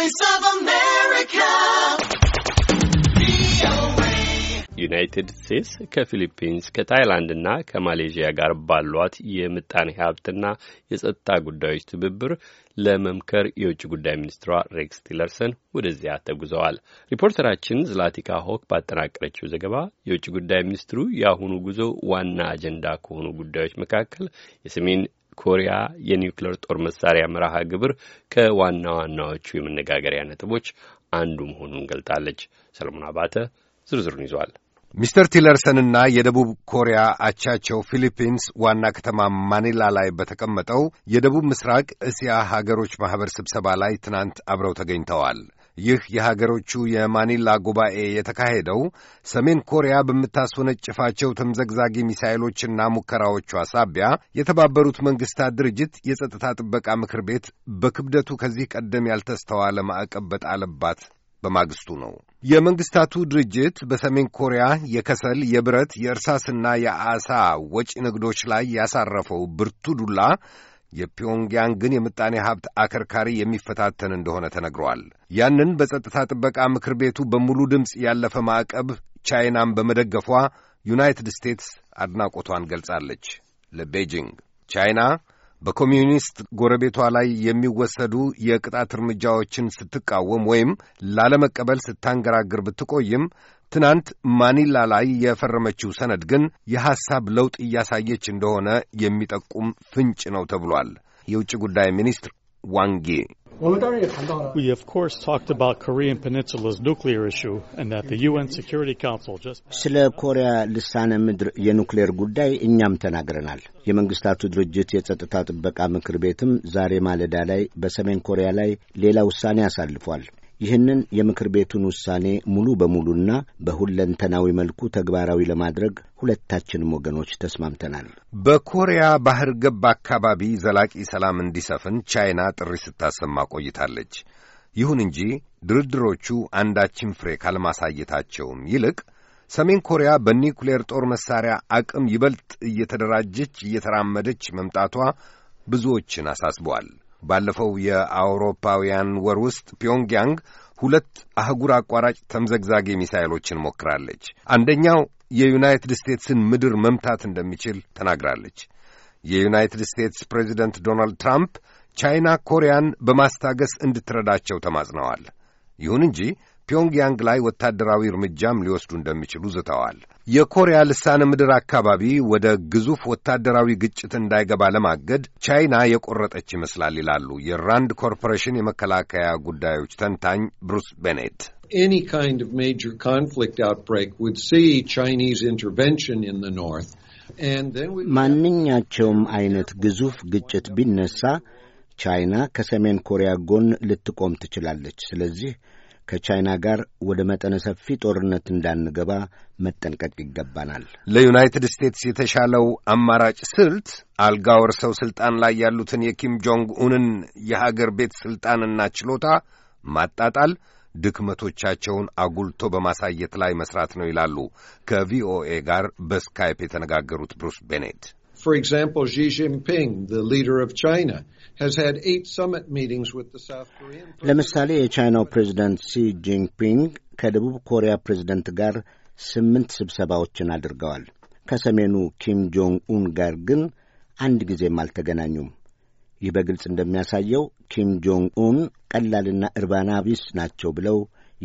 Voice of America. ዩናይትድ ስቴትስ ከፊሊፒንስ ከታይላንድና ከማሌዥያ ጋር ባሏት የምጣኔ ሀብትና የጸጥታ ጉዳዮች ትብብር ለመምከር የውጭ ጉዳይ ሚኒስትሯ ሬክስ ቲለርሰን ወደዚያ ተጉዘዋል። ሪፖርተራችን ዝላቲካ ሆክ ባጠናቀረችው ዘገባ የውጭ ጉዳይ ሚኒስትሩ የአሁኑ ጉዞ ዋና አጀንዳ ከሆኑ ጉዳዮች መካከል የሰሜን ኮሪያ የኒውክሌር ጦር መሳሪያ መርሃ ግብር ከዋና ዋናዎቹ የመነጋገሪያ ነጥቦች አንዱ መሆኑን ገልጣለች። ሰለሞን አባተ ዝርዝሩን ይዟል። ሚስተር ቲለርሰንና የደቡብ ኮሪያ አቻቸው ፊሊፒንስ ዋና ከተማ ማኒላ ላይ በተቀመጠው የደቡብ ምስራቅ እስያ ሀገሮች ማኅበር ስብሰባ ላይ ትናንት አብረው ተገኝተዋል። ይህ የሀገሮቹ የማኒላ ጉባኤ የተካሄደው ሰሜን ኮሪያ በምታስወነጭፋቸው ተምዘግዛጊ ሚሳይሎችና ሙከራዎቿ ሳቢያ የተባበሩት መንግሥታት ድርጅት የጸጥታ ጥበቃ ምክር ቤት በክብደቱ ከዚህ ቀደም ያልተስተዋለ ማዕቀብ በጣለባት በማግስቱ ነው። የመንግሥታቱ ድርጅት በሰሜን ኮሪያ የከሰል፣ የብረት፣ የእርሳስና የአሳ ወጪ ንግዶች ላይ ያሳረፈው ብርቱ ዱላ የፒዮንግያንግን የምጣኔ ሀብት አከርካሪ የሚፈታተን እንደሆነ ተነግረዋል። ያንን በጸጥታ ጥበቃ ምክር ቤቱ በሙሉ ድምፅ ያለፈ ማዕቀብ ቻይናን በመደገፏ ዩናይትድ ስቴትስ አድናቆቷን ገልጻለች። ለቤጂንግ ቻይና በኮሚዩኒስት ጎረቤቷ ላይ የሚወሰዱ የቅጣት እርምጃዎችን ስትቃወም ወይም ላለመቀበል ስታንገራግር ብትቆይም ትናንት ማኒላ ላይ የፈረመችው ሰነድ ግን የሐሳብ ለውጥ እያሳየች እንደሆነ የሚጠቁም ፍንጭ ነው ተብሏል። የውጭ ጉዳይ ሚኒስትር ዋንጌ We, of course, talked about Korean Peninsula's nuclear issue and that the UN Security Council just. ስለ ኮሪያ ልሳነ ምድር የኑክሌር ጉዳይ እኛም ተናግረናል። የመንግስታቱ ድርጅት የጸጥታ ጥበቃ ምክር ቤትም ዛሬ ማለዳ ላይ በሰሜን ኮሪያ ላይ ሌላ ውሳኔ አሳልፏል። ይህንን የምክር ቤቱን ውሳኔ ሙሉ በሙሉና በሁለንተናዊ መልኩ ተግባራዊ ለማድረግ ሁለታችንም ወገኖች ተስማምተናል። በኮሪያ ባህር ገብ አካባቢ ዘላቂ ሰላም እንዲሰፍን ቻይና ጥሪ ስታሰማ ቆይታለች። ይሁን እንጂ ድርድሮቹ አንዳችን ፍሬ ካለማሳየታቸውም ይልቅ ሰሜን ኮሪያ በኒውክሌር ጦር መሳሪያ አቅም ይበልጥ እየተደራጀች እየተራመደች መምጣቷ ብዙዎችን አሳስበዋል። ባለፈው የአውሮፓውያን ወር ውስጥ ፒዮንግያንግ ሁለት አህጉር አቋራጭ ተምዘግዛጊ ሚሳይሎችን ሞክራለች። አንደኛው የዩናይትድ ስቴትስን ምድር መምታት እንደሚችል ተናግራለች። የዩናይትድ ስቴትስ ፕሬዚደንት ዶናልድ ትራምፕ ቻይና ኮሪያን በማስታገስ እንድትረዳቸው ተማጽነዋል። ይሁን እንጂ ፒዮንግያንግ ላይ ወታደራዊ እርምጃም ሊወስዱ እንደሚችሉ ዝተዋል። የኮሪያ ልሳነ ምድር አካባቢ ወደ ግዙፍ ወታደራዊ ግጭት እንዳይገባ ለማገድ ቻይና የቆረጠች ይመስላል ይላሉ የራንድ ኮርፖሬሽን የመከላከያ ጉዳዮች ተንታኝ ብሩስ ቤኔት። Any kind of major conflict outbreak would see Chinese intervention in the north. ማንኛቸውም አይነት ግዙፍ ግጭት ቢነሳ ቻይና ከሰሜን ኮሪያ ጎን ልትቆም ትችላለች። ስለዚህ ከቻይና ጋር ወደ መጠነ ሰፊ ጦርነት እንዳንገባ መጠንቀቅ ይገባናል። ለዩናይትድ ስቴትስ የተሻለው አማራጭ ስልት አልጋ ወርሰው ሥልጣን ላይ ያሉትን የኪም ጆንግ ኡንን የሀገር ቤት ሥልጣንና ችሎታ ማጣጣል፣ ድክመቶቻቸውን አጉልቶ በማሳየት ላይ መስራት ነው ይላሉ ከቪኦኤ ጋር በስካይፕ የተነጋገሩት ብሩስ ቤኔት። For example, Xi Jinping, the leader of China, has had eight summit meetings with the South Korean ለምሳሌ የቻይናው ፕሬዚደንት ሲ ጂንፒንግ ከደቡብ ኮሪያ ፕሬዚደንት ጋር ስምንት ስብሰባዎችን አድርገዋል። ከሰሜኑ ኪም ጆንግ ኡን ጋር ግን አንድ ጊዜም አልተገናኙም። ይህ በግልጽ እንደሚያሳየው ኪም ጆንግ ኡን ቀላልና እርባና ቢስ ናቸው ብለው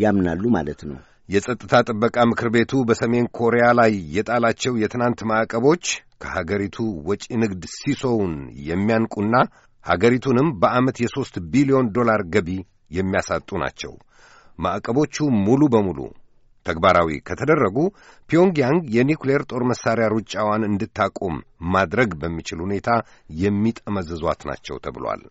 ያምናሉ ማለት ነው። የጸጥታ ጥበቃ ምክር ቤቱ በሰሜን ኮሪያ ላይ የጣላቸው የትናንት ማዕቀቦች ከሀገሪቱ ወጪ ንግድ ሲሶውን የሚያንቁና ሀገሪቱንም በዓመት የሦስት ቢሊዮን ዶላር ገቢ የሚያሳጡ ናቸው። ማዕቀቦቹ ሙሉ በሙሉ ተግባራዊ ከተደረጉ ፒዮንግያንግ የኒውክሌር ጦር መሣሪያ ሩጫዋን እንድታቆም ማድረግ በሚችል ሁኔታ የሚጠመዝዟት ናቸው ተብሏል።